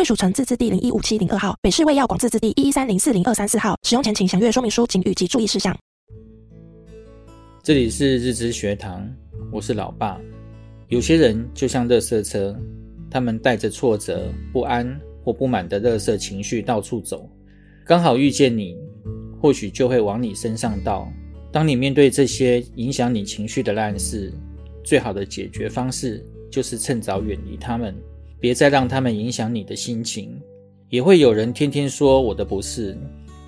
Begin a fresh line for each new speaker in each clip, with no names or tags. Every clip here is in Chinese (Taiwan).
貴屬城自治地零一五七零二號，北市衛藥廣自治地一一三零四零二三四號。使用前請詳閱說明書警語及注意事項。
這裡是日之學堂，我是老爸。有些人就像垃圾車，他們帶着挫折、不安或不滿的垃圾情緒到處走。剛好遇見你，或許就會往你身上倒。當你面對這些影響你情緒的爛事，最好的解決方式就是趁早遠離他們。別再讓他們影響你的心情。也會有人天天說我的不是，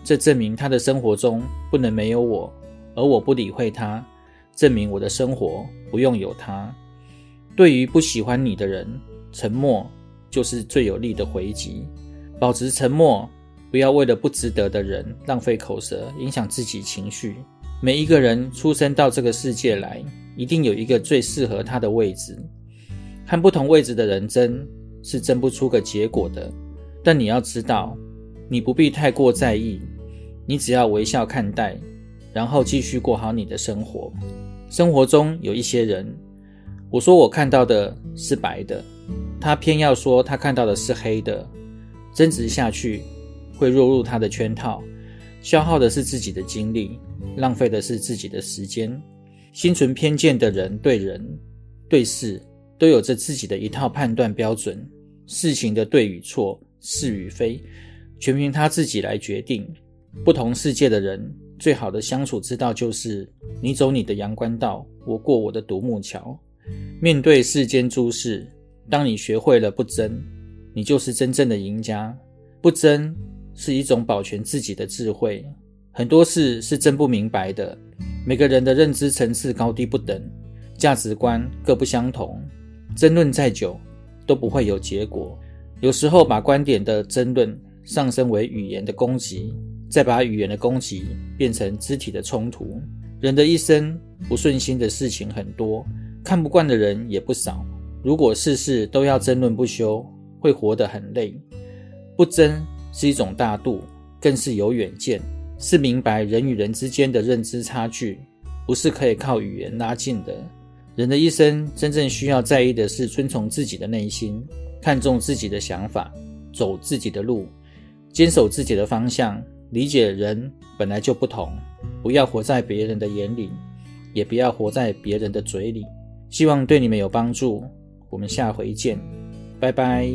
這證明他的生活中不能沒有我，而我不理會他，證明我的生活不用有他。對於不喜歡你的人，沉默就是最有力的回擊。保持沉默，不要為了不值得的人浪費口舌，影響自己情緒。每一個人出生到這個世界來，一定有一個最適合他的位置，看不同位置的人爭是爭不出個結果的，但你要知道，你不必太過在意，你只要微笑看待，然後繼續過好你的生活。生活中有一些人，我說我看到的是白的，他偏要說他看到的是黑的，爭執下去會落入他的圈套，消耗的是自己的精力，浪費的是自己的時間。心存偏見的人，對人對事。都有着自己的一套判斷標準，事情的對與錯、是與非，全憑他自己來決定。不同世界的人，最好的相處之道就是你走你的陽關道，我過我的獨木橋。面對世間諸事，當你學會了不爭，你就是真正的贏家。不爭是一種保全自己的智慧。很多事是爭不明白的，每個人的認知層次高低不等，價值觀各不相同。爭論再久都不會有結果。有時候把觀點的爭論上升為語言的攻擊，再把語言的攻擊變成肢體的衝突。人的一生不順心的事情很多，看不慣的人也不少。如果事事都要爭論不休，會活得很累。不爭是一種大度，更是有遠見，是明白人與人之間的認知差距，不是可以靠語言拉近的。人的一生，真正需要在意的是遵從自己的內心，看重自己的想法，走自己的路，堅守自己的方向。理解人本來就不同，不要活在別人的眼裡，也不要活在別人的嘴裡。希望對你們有幫助。我們下回見，拜拜。